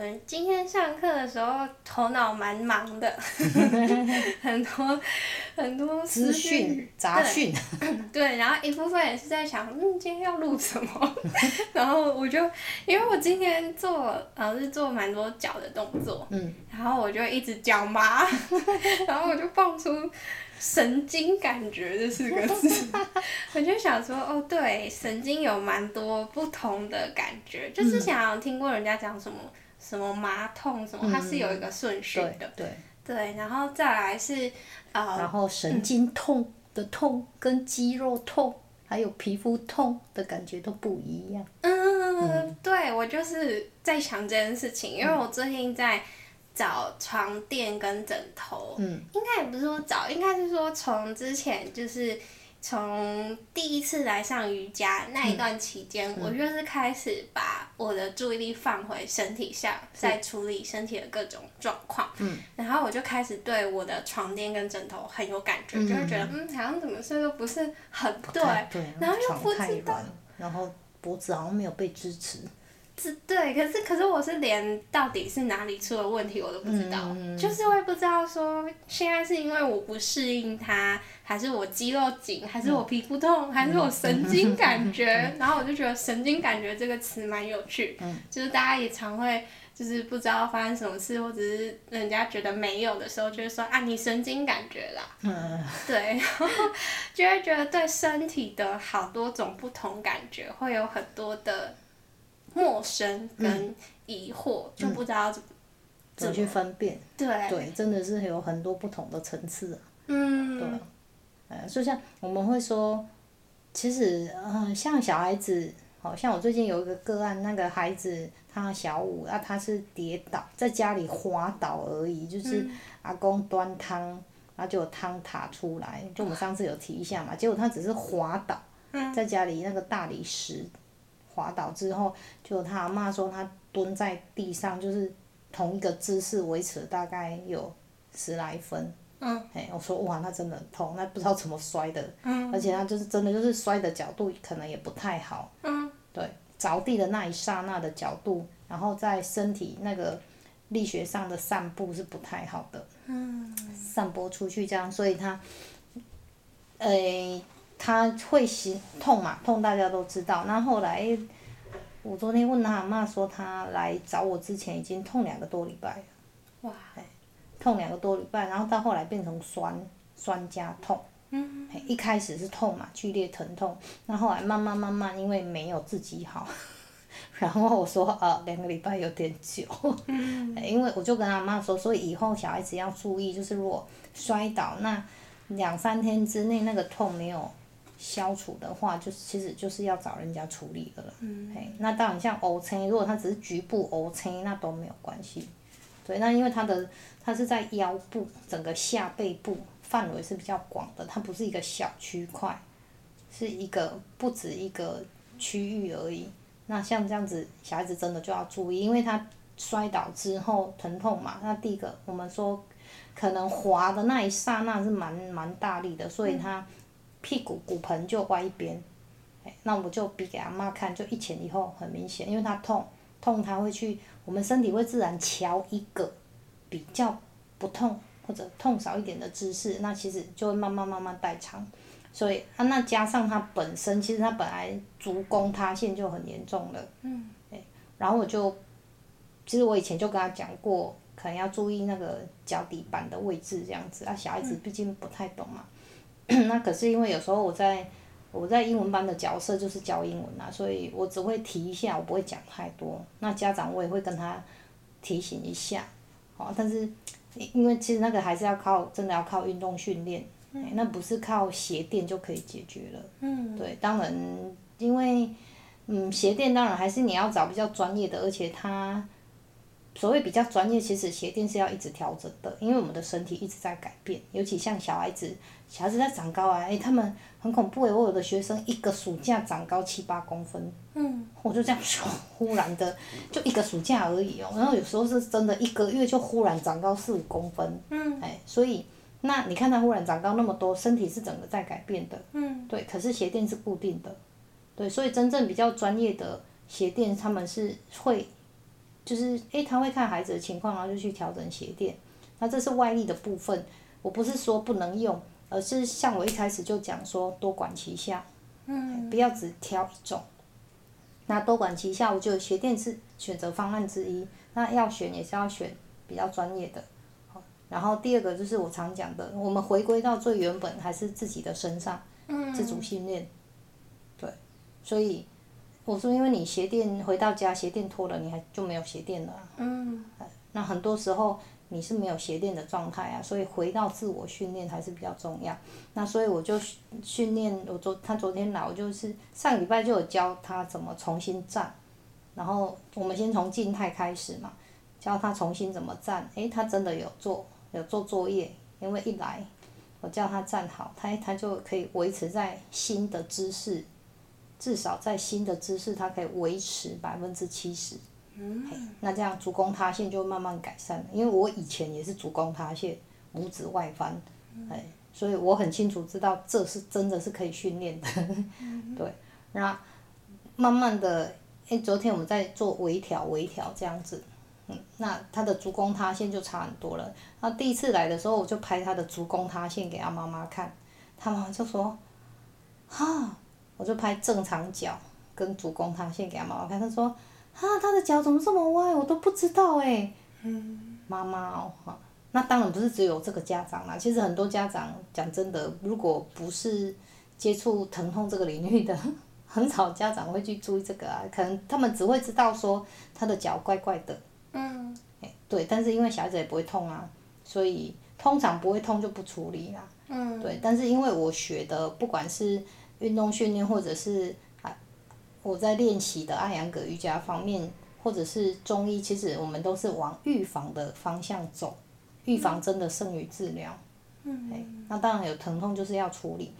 我今天上課的時候頭腦蠻忙的， 很多很多資訊雜訊、嗯。對，然後一部分也是在想，嗯，今天要錄什麼？ 然後我就因為我今天做，呃、啊，是做蠻多腳的動作，嗯，然後我就一直腳麻， 然後我就放出“神經感覺”這四個字， 我就想說，哦，對，神經有蠻多不同的感覺，就是想聽過人家講什麼。嗯什麼麻痛什麼，嗯、它是有一個順序的對。對，對，然後再來是啊，uh, 然後神經痛的痛跟肌肉痛，嗯、還有皮膚痛的感覺都不一樣。嗯，嗯，對我就是在想這件事情，因為我最近在找床墊跟枕頭。嗯，應該也不是說找，應該是說從之前就是。從第一次來上瑜伽那一段期間，嗯，我就是開始把我的注意力放回身體上，再，嗯、處理身體的各種狀況，嗯。然後我就開始對我的床墊跟枕頭很有感覺，嗯，就是覺得嗯，好像怎麼睡都不是很對，對，然後又不知道，然後脖子好像沒有被支持。是對，可是可是我是連到底是哪裡出了問題我都不知道，嗯、就是我也不知道說現在是因為我不適應它，還是我肌肉緊，還是我皮膚痛、嗯，還是我神經感覺？嗯、然後我就覺得“神經感覺”這個詞蠻有趣、嗯，就是大家也常會就是不知道發生什麼事，或者是人家覺得沒有的時候就，就是說啊你神經感覺啦、嗯，對，然 後就會覺得對身體的好多種不同感覺會有很多的。陌生跟疑惑、嗯、就不知道怎麼，怎麼去分辨，對對，真的是有很多不同的層次、啊。嗯，對、啊，哎、嗯，就像我們會說，其實嗯，像小孩子，好像我最近有一個個案，那個孩子他小五，啊，他是跌倒，在家裡滑倒而已，就是阿公端湯，然後就有湯灑出來，就我們上次有提一下嘛，結果他只是滑倒，在家裡那個大理石。嗯滑倒之後，就他阿嬤說他蹲在地上，就是同一個姿勢維持大概有十來分。嗯，哎、欸，我說哇，那真的痛，那不知道怎麼摔的。嗯。而且他就是真的就是摔的角度可能也不太好。嗯。對，着地的那一剎那的角度，然後在身體那個力學上的散播是不太好的。嗯。散播出去這樣，所以他，哎、欸。他會心痛嘛？痛大家都知道。那後來，我昨天問他媽說，他來找我之前已經痛兩個多禮拜了。哇！痛兩個多禮拜，然後到後來變成酸酸加痛。嗯。一開始是痛嘛，劇烈疼痛。那後來慢慢慢慢，因為沒有自己好。然後我說啊、哦，兩個禮拜有點久。嗯。因為我就跟他媽說，所以以後小孩子要注意，就是如果摔倒，那兩三天之內那個痛沒有。消除的話，就是其實就是要找人家處理的了。嗯、嘿，那當然像瘀青，如果它只是局部瘀青，那都沒有關係。對，那因為它的它是在腰部整個下背部範圍是比較廣的，它不是一個小區塊，是一個不止一個區域而已。那像這樣子，小孩子真的就要注意，因為他摔倒之後疼痛嘛，那第一個我們說可能滑的那一剎那是蠻蠻大力的，所以他。嗯屁股骨盆就歪一邊，那我就比給阿媽看，就一前一後，很明顯，因為她痛，痛她會去，我們身體會自然喬一個比較不痛或者痛少一點的姿勢，那其實就會慢慢慢慢代償，所以啊，那加上他本身，其實他本來足弓塌陷就很嚴重了，嗯，哎，然後我就其實我以前就跟他講過，可能要注意那個腳底板的位置這樣子啊，小孩子畢竟不太懂嘛。 那可是因為有時候我在，我在我在英文班的角色就是教英文啊，所以我只會提一下，我不會講太多。那家長我也會跟他提醒一下，哦，但是因因為其實那個還是要靠真的要靠運動訓練，那不是靠鞋墊就可以解決了。嗯，對，當然因為嗯鞋墊當然還是你要找比較專業的，而且它。所謂比較專業，其實鞋墊是要一直調整的，因為我們的身體一直在改變，尤其像小孩子，小孩子在長高啊，哎、欸，他們很恐怖哎，我有的學生一個暑假長高七八公分，嗯，我就這樣說，忽然的就一個暑假而已哦、喔，然後有時候是真的一個月就忽然長高四五公分，嗯，哎、欸，所以那你看他忽然長高那麼多，身體是整個在改變的，嗯，對，可是鞋墊是固定的，對，所以真正比較專業的鞋墊，他們是會。就是哎、欸，他會看孩子的情況，然後就去調整鞋墊。那這是外力的部分，我不是說不能用，而是像我一開始就講說，多管齊下，嗯、欸，不要只挑一種。那多管齊下，我覺得鞋墊是選擇方案之一。那要選也是要選比較專業的。然後第二個就是我常講的，我們回歸到最原本，還是自己的身上，自主訓練。對，所以。我說，因為你鞋墊回到家，鞋墊脫了，你還就沒有鞋墊了。嗯。那很多時候你是沒有鞋墊的狀態啊，所以回到自我訓練還是比較重要。那所以我就訓練，我昨他昨天來，我就是上禮拜就有教他怎麼重新站，然後我們先從靜態開始嘛，教他重新怎麼站。誒、欸、他真的有做有做作業，因為一來我叫他站好，他他就可以維持在新的姿勢。至少在新的姿勢，它可以維持百分之七十。那這樣足弓塌陷就會慢慢改善了。因為我以前也是足弓塌陷，拇指外翻、嗯，所以我很清楚知道這是真的是可以訓練的。 對，那慢慢的，哎、欸，昨天我們在做微調，微調這樣子，嗯、那他的足弓塌陷就差很多了。那第一次來的時候，我就拍他的足弓塌陷給他媽媽看，他媽媽就說，哈。我就拍正常腳跟足弓塌陷，先給他媽媽看。他說：“啊，他的腳怎麼這麼歪？我都不知道哎、欸。嗯”媽媽哦，那當然不是只有這個家長啦。其實很多家長講真的，如果不是接觸疼痛這個領域的，很少家長會去注意這個啊。可能他們只會知道說他的腳怪怪的。嗯、欸。對，但是因為小孩子也不會痛啊，所以通常不會痛就不處理啦。嗯。對，但是因為我學的，不管是運動訓練或者是啊，我在練習的艾揚格瑜伽方面，或者是中醫，其實我們都是往預防的方向走。預防真的勝於治療。嗯。那當然有疼痛就是要處理。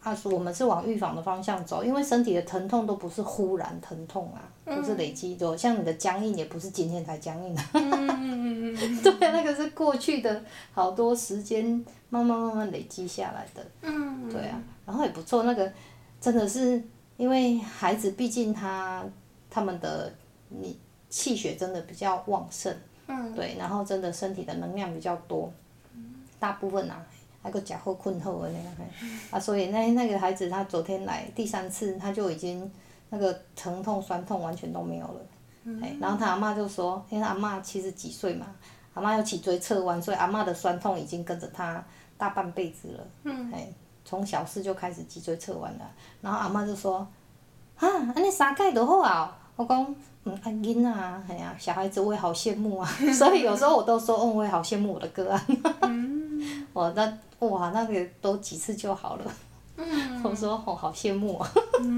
啊，我們是往預防的方向走，因為身體的疼痛都不是忽然疼痛啊，不是累積多、嗯。像你的僵硬也不是今天才僵硬的。嗯嗯、 對啊、那個是過去的好多時間慢慢慢慢累積下來的。嗯。對啊。然後也不錯，那個真的是因為孩子畢竟他他們的你氣血真的比較旺盛、嗯，對，然後真的身體的能量比較多，嗯、大部分吶，那個假後困後啊，那樣還好好、嗯、啊，所以那那個孩子他昨天來第三次他就已經那個疼痛酸痛完全都沒有了，嗯、然後他阿嬤就說，因為他阿嬤七十幾歲嘛，阿嬤有脊椎側彎，所以阿嬤的酸痛已經跟着他大半輩子了，嗯，嗯從小四就開始脊椎側彎了，然後阿媽就說：“啊，那尼三屆都好啊。”我講：“嗯，阿囡啊，嘿呀、啊啊，小孩子我也好羨慕啊。 ”所以有時候我都說：“哦，我也好羨慕我的哥啊。”我那哇，那個多幾次就好了。我、嗯、說：“哦，好羨慕啊。 ”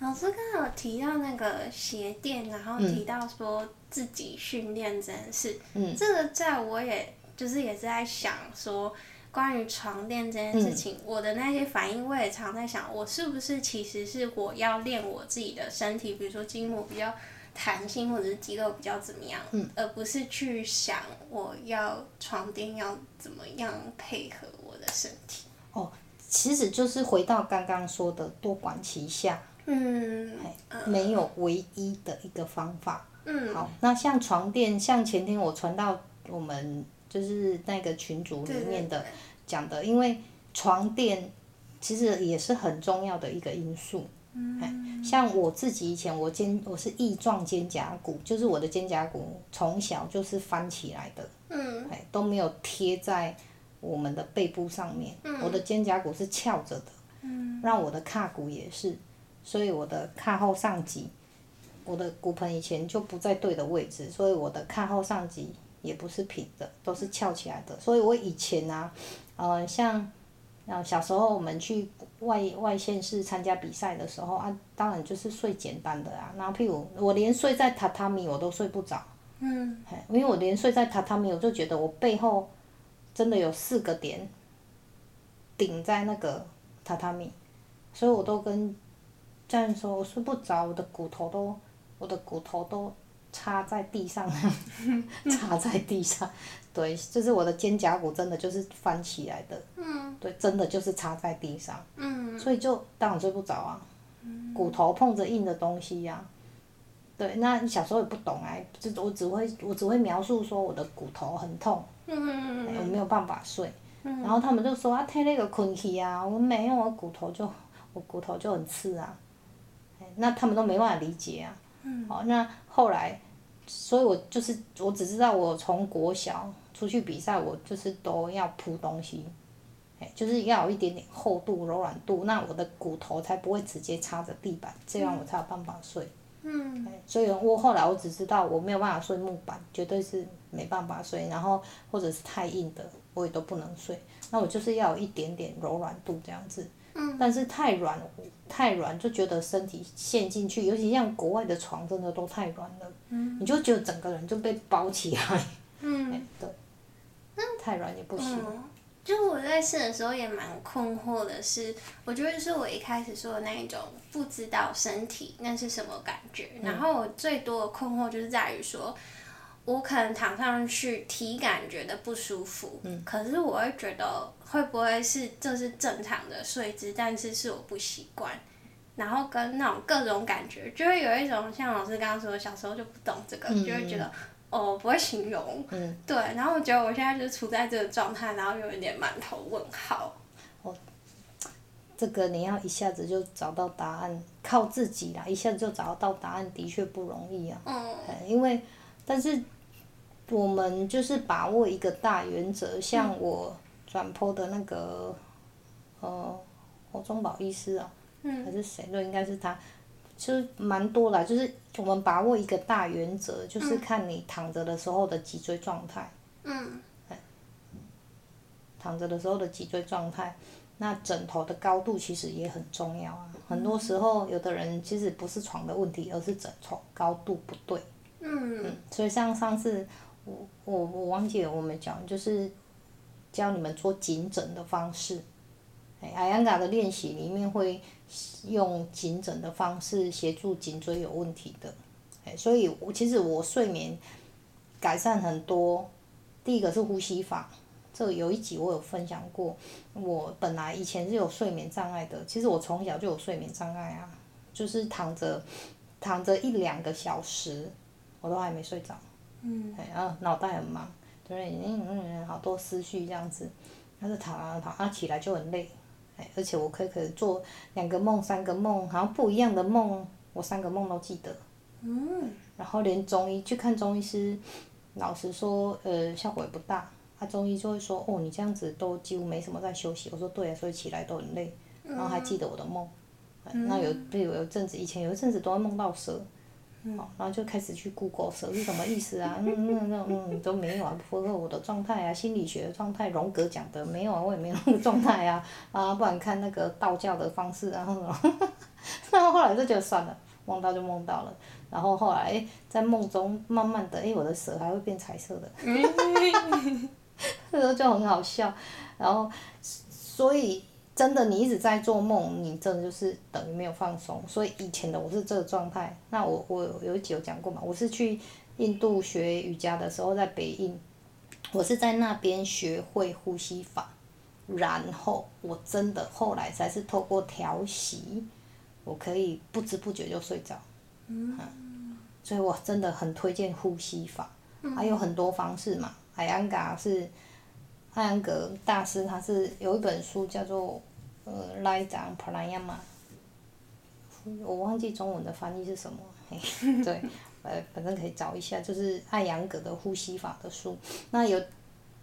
老師剛剛有提到那個鞋墊，然後提到說自己訓練真是。嗯，這個在我也就是也是在想說。關於床墊這件事情、嗯，我的那些反應，我也常在想，我是不是其實是我要練我自己的身體，比如說筋膜比較彈性，或者是肌肉比較怎麼樣、嗯，而不是去想我要床墊要怎麼樣配合我的身體。哦，其實就是回到剛剛說的多管齊下，嗯，沒有唯一的一個方法。嗯，好，那像床墊，像前天我傳到我們。就是那個群組裡面的講的，因為床墊其實也是很重要的一個因素。嗯、像我自己以前我，我肩我是翼狀肩胛骨，就是我的肩胛骨從小就是翻起來的，哎、嗯、都沒有貼在我們的背部上面，嗯、我的肩胛骨是翹着的，嗯、讓我的胯骨也是，所以我的胯後上棘，我的骨盆以前就不在對的位置，所以我的胯後上棘。也不是平的，都是翹起來的。所以我以前啊，呃，像，啊，小時候我們去外外縣市參加比賽的時候啊，當然就是睡簡單的啊。然後，譬如我連睡在榻榻米我都睡不着，嗯，因為我連睡在榻榻米，我就覺得我背後真的有四個點頂在那個榻榻米，所以我都跟這樣說，我睡不着，我的骨頭都，我的骨頭都。插在地上， 插在地上，對，就是我的肩胛骨真的就是翻起來的，對，真的就是插在地上，所以就當我睡不着啊，骨頭碰着硬的東西呀、啊，對，那小時候也不懂哎、啊，就我只會我只會描述說我的骨頭很痛，我沒有辦法睡，然後他們就說啊，太那個困氣啊，我沒有，我骨頭就我骨頭就很刺啊，那他們都沒辦法理解啊，哦，那。後來，所以我就是我只知道我從國小出去比賽，我就是都要鋪東西，誒，就是要有一點點厚度、柔軟度，那我的骨頭才不會直接插着地板，這樣我才有辦法睡。嗯，所以，我後來我只知道我沒有辦法睡木板，絕對是沒辦法睡，然後或者是太硬的我也都不能睡，那我就是要有一點點柔軟度這樣子。嗯、但是太軟，太軟就覺得身體陷進去，尤其像國外的床真的都太軟了、嗯，你就覺得整個人就被包起來。嗯，欸、對、嗯，太軟也不行、嗯嗯。就我在試的時候也蠻困惑的是，是我覺得是我一開始說的那一種，不知道身體那是什麼感覺。嗯、然後我最多的困惑就是在於說。我可能躺上去，體感覺得不舒服，嗯，可是我會覺得會不會是這是正常的睡姿，但是是我不習慣，然後跟那種各種感覺，就會有一種像老師剛剛說，小時候就不懂這個，就會覺得，嗯，哦，不會形容，嗯，對，然後我覺得我現在就處在這個狀態，然後有一點滿頭問號。哦，這個你要一下子就找到答案，靠自己啦，一下子就找到答案的確不容易啊，嗯，因為但是。我們就是把握一個大原則，像我轉 PO 的那個、嗯，呃，侯鐘堡醫師啊，嗯、還是誰？那應該是他，就其實蠻多啦，就是我們把握一個大原則，就是看你躺着的時候的脊椎狀態、嗯。嗯。躺着的時候的脊椎狀態，那枕頭的高度其實也很重要啊。很多時候，有的人其實不是床的問題，而是枕頭高度不對。嗯。嗯所以，像上次。我我忘記了，我王姐我沒講，就是教你們做頸枕的方式，哎、欸，艾揚格的練習裡面會用頸枕的方式協助頸椎有問題的。哎、欸，所以我，我其實我睡眠改善很多。第一個是呼吸法，這有一集我有分享過。我本來以前是有睡眠障礙的，其實我從小就有睡眠障礙啊，就是躺着躺着一兩個小時我都還沒睡着。嗯，然後腦袋很忙，就是嗯嗯嗯好多思緒這樣子，但是躺、啊、躺、啊，然後起來就很累，哎，而且我可以可以做兩個夢、三個夢，好像不一樣的夢，我三個夢都記得。嗯。然後連中醫去看中醫師，老實說，呃，效果也不大。他、啊、中醫就會說，哦，你這樣子都幾乎沒什麼在休息。我說對啊，所以起來都很累，然後還記得我的夢。那、嗯哎、有，有陣子，以前有一陣子都會夢到蛇。好，然後就開始去 Google 蛇是什麼意思啊？嗯、那那那嗯都沒有啊，符合我的狀態啊，心理學的狀態，榮格講的沒有啊，我也沒有那個狀態啊啊，不然看那個道教的方式啊什麼，然後後來就覺得算了，夢到就夢到了，然後後來、欸、在夢中慢慢的，哎、欸，我的蛇還會變彩色的，那時候就很好笑，然後所以。真的，你一直在做夢，你真的就是等於沒有放鬆。所以以前的我是這個狀態。那我我有一集有講過嘛，我是去印度學瑜伽的時候，在北印，我是在那邊學會呼吸法，然後我真的後來才是透過調息，我可以不知不覺就睡着。嗯，所以我真的很推薦呼吸法，還有很多方式嘛。艾揚格是艾揚格大師，他是有一本書叫做，呃，a 一張普拉雅嘛，Lydang, Pranayama, 我忘記中文的翻譯是什麼。嘿對，呃，反正可以找一下，就是艾揚格的呼吸法的書。那有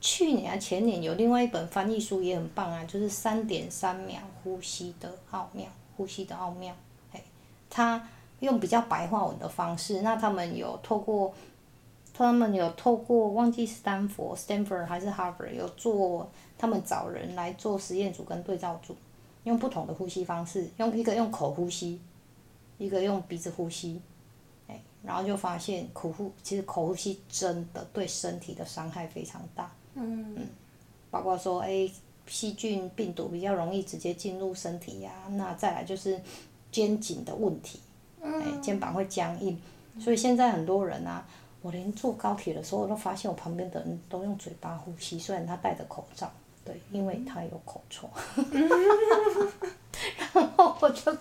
去年啊，前年有另外一本翻譯書也很棒啊，就是《三點三秒呼吸的奧妙》，呼吸的奧妙。哎，他用比較白話文的方式。那他們有透過，他們有透過，忘記史丹佛 （Stanford） 還是哈佛，有做，他們找人來做實驗組跟對照組。用不同的呼吸方式，用一個用口呼吸，一個用鼻子呼吸，哎，然後就發現口呼，其實口呼吸真的對身體的傷害非常大，嗯，包括說哎細菌病毒比較容易直接進入身體呀、啊，那再來就是肩頸的問題，哎，肩膀會僵硬，所以現在很多人啊，我連坐高鐵的時候我都發現我旁邊的人都用嘴巴呼吸，雖然他戴着口罩，對，因為他有口臭。嗯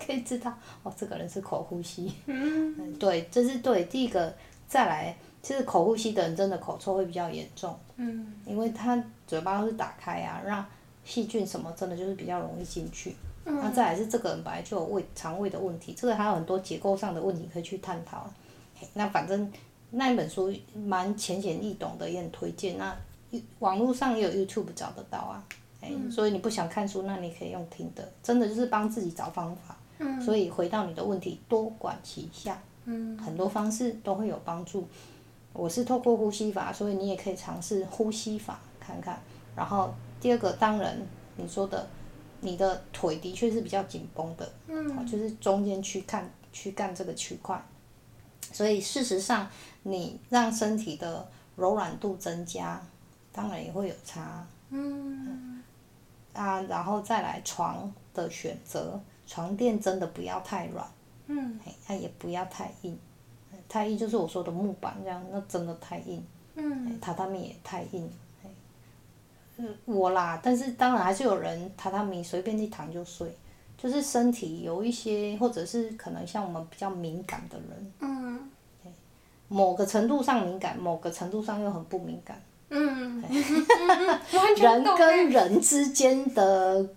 可以知道哦，這個人是口呼吸。嗯。嗯對，這、就是對第一個。再來，就是口呼吸的人真的口臭會比較嚴重。嗯。因為他嘴巴都是打開啊，讓細菌什麼真的就是比較容易進去。嗯。那再來是這個人本來就有胃腸胃的問題，這個還有很多結構上的問題可以去探討嘿。那反正那一本書蠻淺顯易懂的，也很推薦。那網絡上也有 YouTube 找得到啊，嗯。所以你不想看書，那你可以用聽的，真的就是幫自己找方法。嗯、所以回到你的問題，多管齊下、嗯，很多方式都會有幫助。我是透過呼吸法，所以你也可以嘗試呼吸法看看。然後第二個，當然你說的，你的腿的確是比較緊繃的，就是中間軀幹、軀幹這個區塊。所以事實上，你讓身體的柔軟度增加，當然也會有差。嗯，啊，然後再來床的選擇。床墊真的不要太軟，嗯、哎，也不要太硬，太硬就是我說的木板這樣，那真的太硬，嗯，哎、榻榻米也太硬，哎就是、我啦，但是當然還是有人榻榻米隨便一躺就睡，就是身體有一些，或者是可能像我們比較敏感的人，嗯，某個程度上敏感，某個程度上又很不敏感，嗯，哎、嗯 嗯嗯嗯人跟人之間的。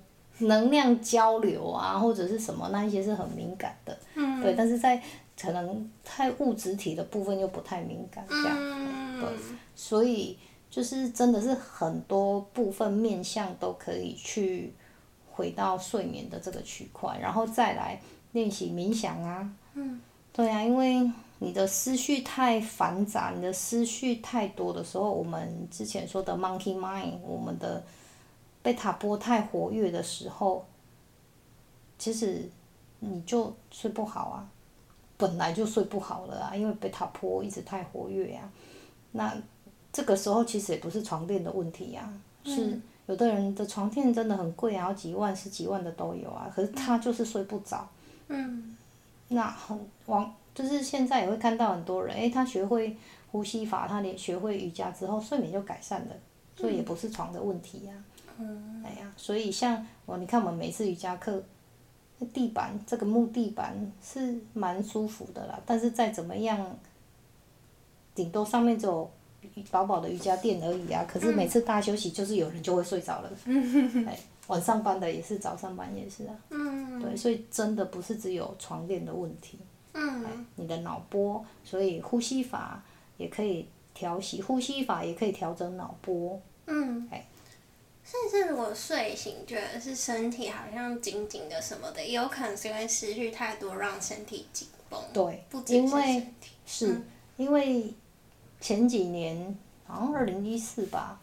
能量交流啊，或者是什麼那一些是很敏感的，嗯，對，但是在可能太物質體的部分又不太敏感這樣，嗯，對，所以就是真的是很多部分面向都可以去回到睡眠的這個區塊，然後再來練習冥想啊，嗯，對啊，因為你的思緒太繁雜，你的思緒太多的時候，我們之前說的 monkey mind，我們的。貝塔波太活躍的時候，其實你就睡不好啊，本來就睡不好了啊，因為貝塔波一直太活躍呀。那這個時候其實也不是床墊的問題呀，是有的人的床墊真的很貴啊，然後幾萬、十幾萬的都有啊，可是他就是睡不着。嗯。那很往就是現在也會看到很多人，欸，他學會呼吸法，他連學會瑜伽之後，睡眠就改善了，所以也不是床的問題呀。嗯、哎呀，所以像我，你看我們每次瑜伽課，地板這個木地板是蠻舒服的啦。但是再怎麼樣，頂多上面只有薄薄的瑜伽墊而已啊。可是每次大休息就是有人就會睡着了。嗯。哎，晚上班的也是，早上班也是啊。嗯、對，所以真的不是只有床墊的問題。嗯。哎，你的腦波，所以呼吸法也可以調息，呼吸法也可以調整腦波。嗯。哎甚至我睡醒覺得是身體好像緊緊的什麼的，也有可能是因為思緒太多讓身體緊繃。對，不僅因為是、嗯，因為前幾年好像二零一四吧，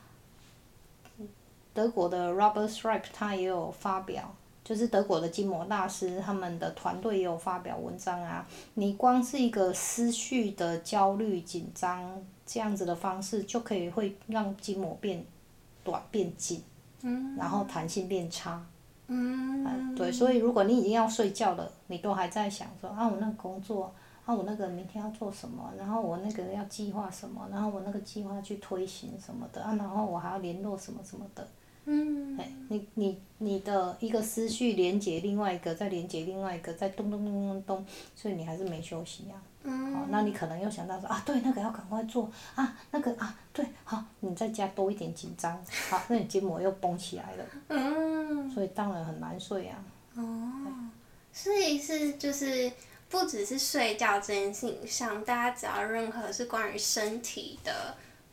德國的 Robert Schleip 他也有發表，就是德國的筋膜大師他們的團隊也有發表文章啊。你光是一個思緒的焦慮緊張這樣子的方式，就可以會讓筋膜變。短變緊，然後彈性變差。嗯，啊，對，所以如果你已經要睡覺了，你都還在想說啊，我那個工作，啊，我那個明天要做什麼，然後我那個要計劃什麼，然後我那個計劃去推行什麼的啊，然後我還要聯絡什麼什麼的。嗯、你你你的一個思緒連接另外一個，再連接另外一個，再咚咚咚咚咚，所以你還是沒休息呀、啊。嗯。好，那你可能又想到說啊，對，那個要趕快做啊，那個啊，對，好，你再加多一點緊張，好，那你筋膜又繃起來了。嗯。所以當然很難睡呀、啊。哦、嗯。所以是就是不只是睡覺這件事情上，大家只要任何是關於身體的。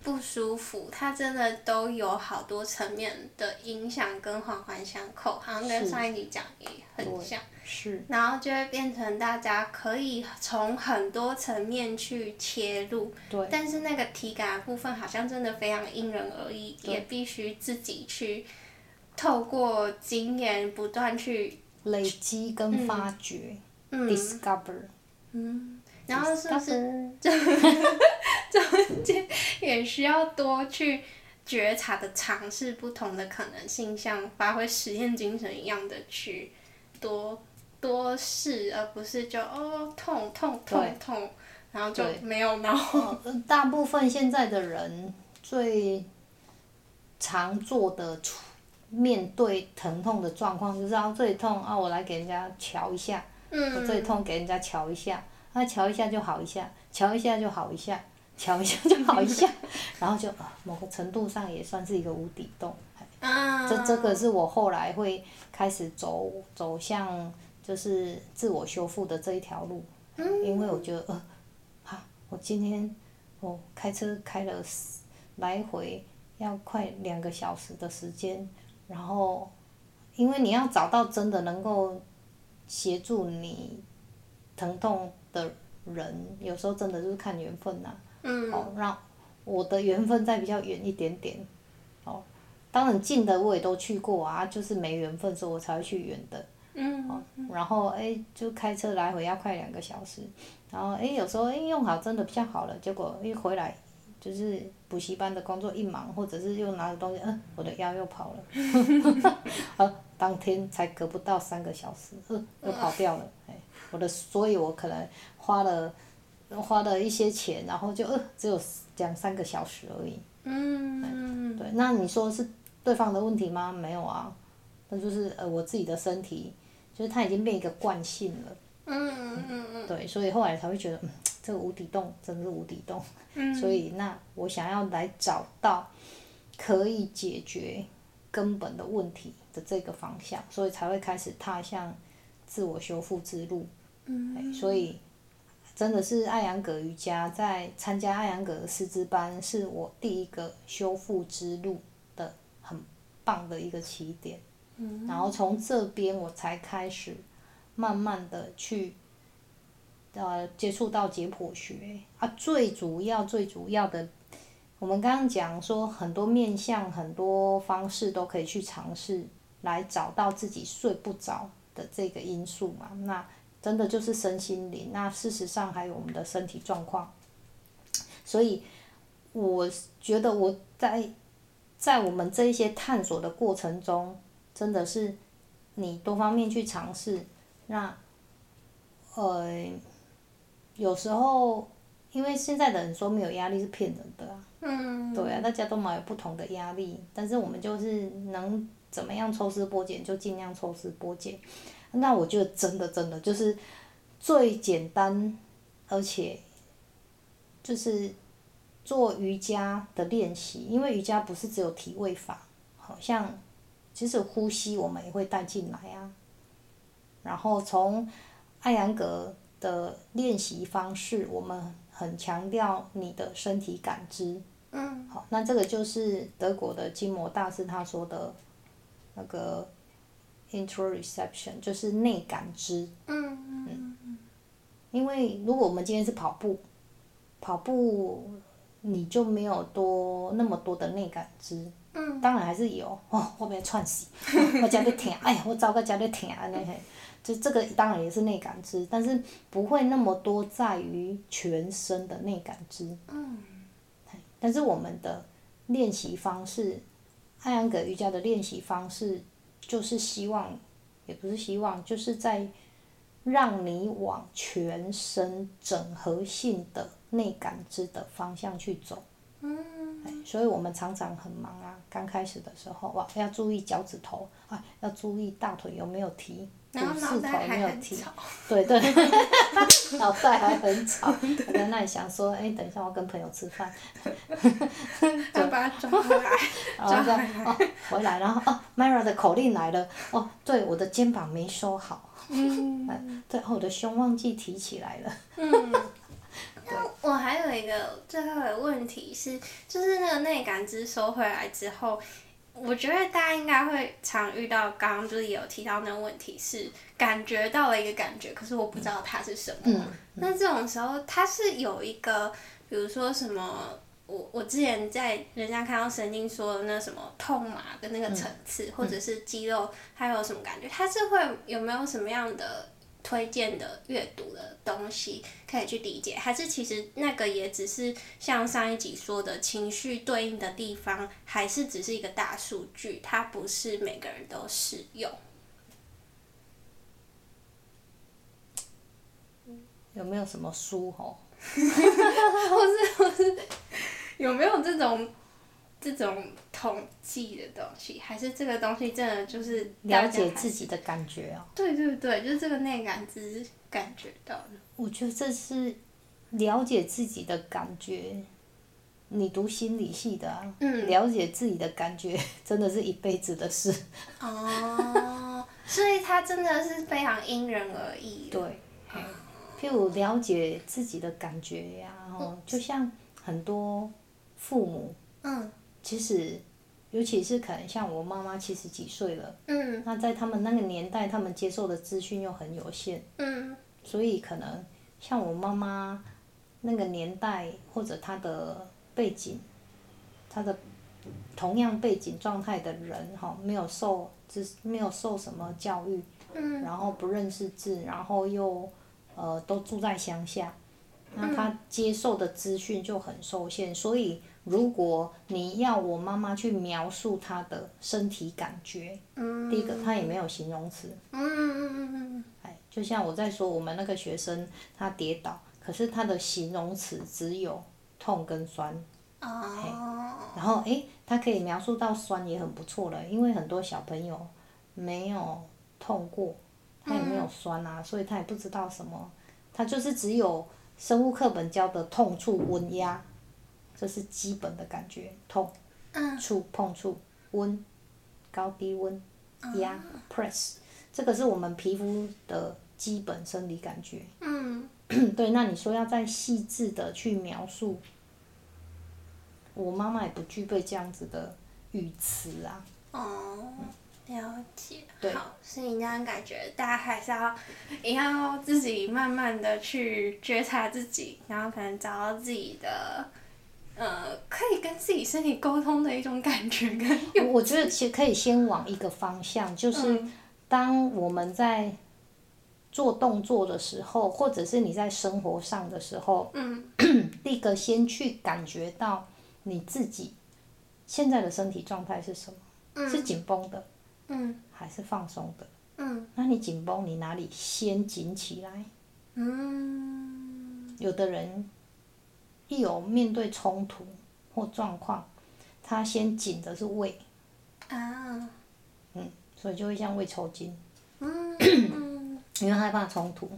不舒服，它真的都有好多層面的影響跟環環相扣，好像跟上一集講也很像是，是，然後就會變成大家可以從很多層面去切入對，但是那個體感的部分好像真的非常因人而異，也必須自己去透過經驗不斷去累積跟發掘，discover，嗯。Discover，嗯嗯然後是不是，是 中間也需要多去覺察的嘗試不同的可能性，像發揮實驗精神一樣的去多多試，而不是就哦痛痛痛痛，然後就沒有然後、 嗯。大部分現在的人最常做的出面對疼痛的狀況，就是啊這裡痛啊，我來給人家瞧一下，嗯、我這裡痛給人家瞧一下。那瞧一下就好一下，瞧一下就好一下，瞧一下就好一下，一下一下 然後就某個程度上也算是一個無底洞。Oh. 這這個是我後來會開始走走向就是自我修復的這一條路，mm. 因為我覺得，哈、呃啊，我今天我、哦、開車開了十來回，要快兩個小時的時間，然後因為你要找到真的能夠協助你疼痛，的人有時候真的就是看緣分吶、啊，好、嗯哦，讓我的緣分再比較遠一點點，哦，當然近的我也都去過啊，就是沒緣分時候我才會去遠的，嗯，哦、然後誒，就開車來回要快兩個小時，然後誒，有時候哎用好真的比較好了，結果一回來就是補習班的工作一忙，或者是又拿着東西，嗯、呃，我的腰又跑了， 好，當天才隔不到三個小時，嗯、呃，又跑掉了， 哎我的，所以我可能花了，花了一些錢，然後就呃，只有兩三個小時而已。嗯。對，那你說是對方的問題嗎？沒有啊，那就是呃，我自己的身體，就是它已經變一個慣性了。嗯嗯嗯。對，所以後來才會覺得，嗯，這個無底洞真的是無底洞。嗯。所以那我想要來找到，可以解決根本的問題的這個方向，所以才會開始踏向。自我修復之路，所以真的是艾揚格瑜伽，在參加艾揚格的師資班是我第一個修復之路的很棒的一個起點。嗯，然後從這邊我才開始慢慢的去，呃，接觸到解剖學啊，最主要、最主要的，我們剛剛講說很多面向、很多方式都可以去嘗試，來找到自己睡不着。的這個因素嘛，那真的就是身心靈，那事實上還有我們的身體狀況，所以我覺得我在在我們這一些探索的過程中，真的是你多方面去嘗試，那呃有時候因為現在的人說沒有壓力是騙人的啊，嗯，對啊，大家都滿有不同的壓力，但是我們就是能。怎麼樣抽絲剝繭就盡量抽絲剝繭，那我覺得真的真的就是最簡單，而且就是做瑜伽的練習，因為瑜伽不是只有體位法，好像其實呼吸我們也會帶進來啊。然後從艾揚格的練習方式，我們很強調你的身體感知，嗯，好，那這個就是德國的筋膜大師他說的。那個 interoception 就是內感知，嗯嗯，因為如果我們今天是跑步，跑步你就沒有多那麼多的內感知，嗯，當然還是有哦，後面喘息、哦，我家都疼， 哎呀，我找個家都疼，那些，就這個當然也是內感知，但是不會那麼多在於全身的內感知，嗯，但是我們的練習方式。艾揚格瑜伽的練習方式，就是希望，也不是希望，就是在讓你往全身整合性的內感知的方向去走。嗯。嗯、所以，我們常常很忙啊。剛開始的時候，哇，要注意腳趾頭啊，要注意大腿有沒有提，股四頭有沒有提。對對，腦袋還很吵。我在 那裡想說，哎、欸，等一下，我跟朋友吃飯。它 抓回來， 然後 哦，回來，然後哦，Myra 的口令來了。哦，對，我的肩膀沒收好。嗯。啊、對，哦，我的胸忘記提起來了。嗯那我還有一個最後的問題是，就是那個內感知收回來之後，我覺得大家應該會常遇到，剛剛就是也有提到那個問題是，感覺到了一個感覺，可是我不知道它是什麼。嗯嗯嗯、那這種時候，它是有一個，比如說什麼，我我之前在人家看到神經說的那什麼痛麻的那個層次，嗯嗯，或者是肌肉還有什麼感覺，它是會有沒有什麼樣的？推薦的閱讀的東西可以去理解，還是其實那個也只是像上一集說的情緒對應的地方，還是只是一個大數據，它不是每個人都適用。有沒有什麼書哦？ 或是或是有沒有這種？這種統計的東西，還是這個東西真的就是了解自己的感覺哦、喔。對對對，就是這個內感知是感覺到的。我覺得這是了解自己的感覺。嗯、你讀心理系的、啊嗯，了解自己的感覺，真的是一輩子的事。哦。 所以，它真的是非常因人而異。對、哦。譬如了解自己的感覺呀、啊，吼、嗯，就像很多父母。嗯。其實，尤其是可能像我媽媽七十幾歲了，嗯，那在他們那個年代，他們接受的資訊又很有限，嗯，所以可能像我媽媽那個年代或者她的背景，她的同樣背景狀態的人哈，哦，沒有受就是沒有受什麼教育，嗯，然後不認識字，然後又呃都住在鄉下，嗯，那他接受的資訊就很受限，所以。如果你要我媽媽去描述她的身體感覺，嗯、第一個她也沒有形容詞。嗯嗯嗯嗯哎，就像我在說我們那個學生，她跌倒，可是她的形容詞只有痛跟酸。哦。然後哎，她可以描述到酸也很不錯了，因為很多小朋友沒有痛過，她也沒有酸啊，所以她也不知道什麼，她就是只有生物課本教的痛、觸、溫、壓、處溫、壓。這是基本的感覺，痛、觸、嗯、碰觸、觸溫、高低溫、壓、嗯嗯、press，這個是我們皮膚的基本生理感覺。嗯， 對。那你說要再細緻的去描述，我媽媽也不具備這樣子的語詞啊。哦、嗯，了解。對。好，所以你這樣感覺，大家還是要也要自己慢慢的去覺察自己，然後可能找到自己的。呃，可以跟自己身體溝通的一種感覺跟。我我覺得其實可以先往一個方向，就是當我們在做動作的時候，或者是你在生活上的時候，嗯，第一個先去感覺到你自己現在的身體狀態是什麼？嗯，是緊繃的，嗯，還是放鬆的，嗯，那你緊繃，你哪裡先緊起來？嗯，有的人。一有面對衝突或狀況，他先緊的是胃。啊、oh.。嗯，所以就會像胃抽筋。嗯、mm. 因為害怕衝突。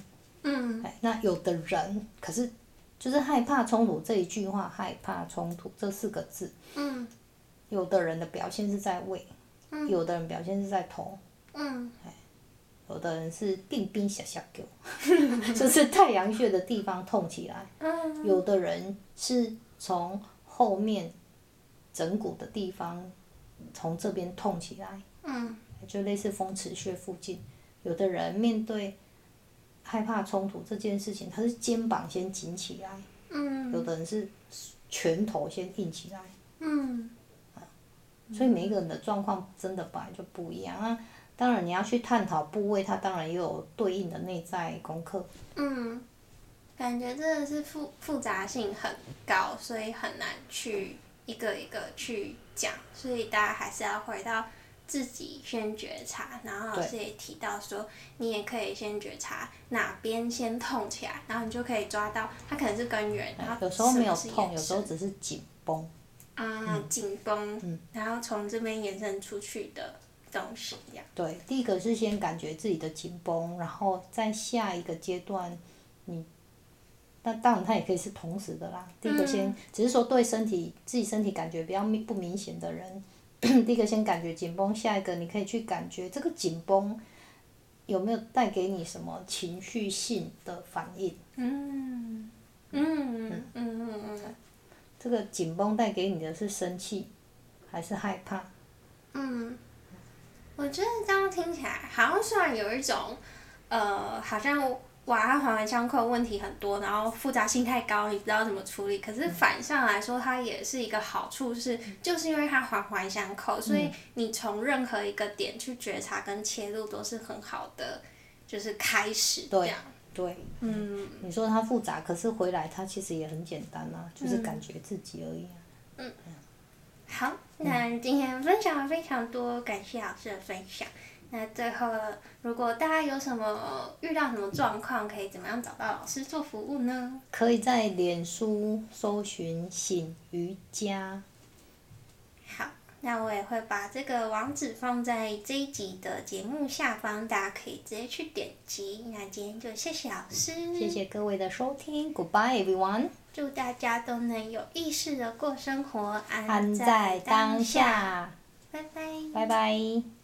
嗯、mm.。哎，那有的人可是就是害怕衝突這一句話，害怕衝突這四個字。嗯、mm.。有的人的表現是在胃，mm. 有的人表現是在頭。嗯、mm. 哎。有的人是定冰小小狗， 就是太陽穴的地方痛起來；有的人是從後面枕骨的地方從這邊痛起來，就類似風池穴附近。有的人面對害怕衝突這件事情，他是肩膀先緊起來，有的人是拳頭先硬起來，嗯，所以每一個人的狀況真的本來就不一樣啊。當然，你要去探討部位，它當然也有對應的內在功課。嗯，感覺真的是複複雜性很高，所以很難去一個一個去講。所以大家還是要回到自己先覺察。然後老師也提到說，你也可以先覺察哪邊先痛起來，然後你就可以抓到它可能是根源。然後有時候沒有痛是是，有時候只是緊繃。嗯、啊，緊繃、嗯。然後從這邊延伸出去的。對，第一個是先感覺自己的緊繃，然後在下一個階段，你，那當然它也可以是同時的啦。第一個先、嗯、只是說對身體自己身體感覺比較明不明顯的人， 第一個先感覺緊繃，下一個你可以去感覺這個緊繃，有沒有帶給你什麼情緒性的反應？嗯嗯嗯嗯嗯嗯，這個緊繃帶給你的是生氣，還是害怕？嗯。我覺得這樣聽起來好像雖然有一種，呃，好像哇它環環相扣，問題很多，然後複雜性太高，你不知道怎麼處理。可是反向來說，嗯、它也是一個好處是，是、嗯、就是因為它環環相扣，所以你從任何一個點去覺察跟切入都是很好的，就是開始。對對，嗯。你說它複雜，可是回來它其實也很簡單啊，就是感覺自己而已、啊嗯。嗯，好。那今天分享了非常多，感謝老師的分享。那最後，如果大家有什麼遇到什麼狀況，可以怎麼樣找到老師做服務呢？可以在臉書搜尋醒瑜伽。那我也會把這個網址放在這一集的節目下方，大家可以直接去點擊。那今天就謝謝老師，謝謝各位的收聽，Goodbye, everyone。祝大家都能有意識的過生活，安在當下。拜拜。拜拜。Bye bye.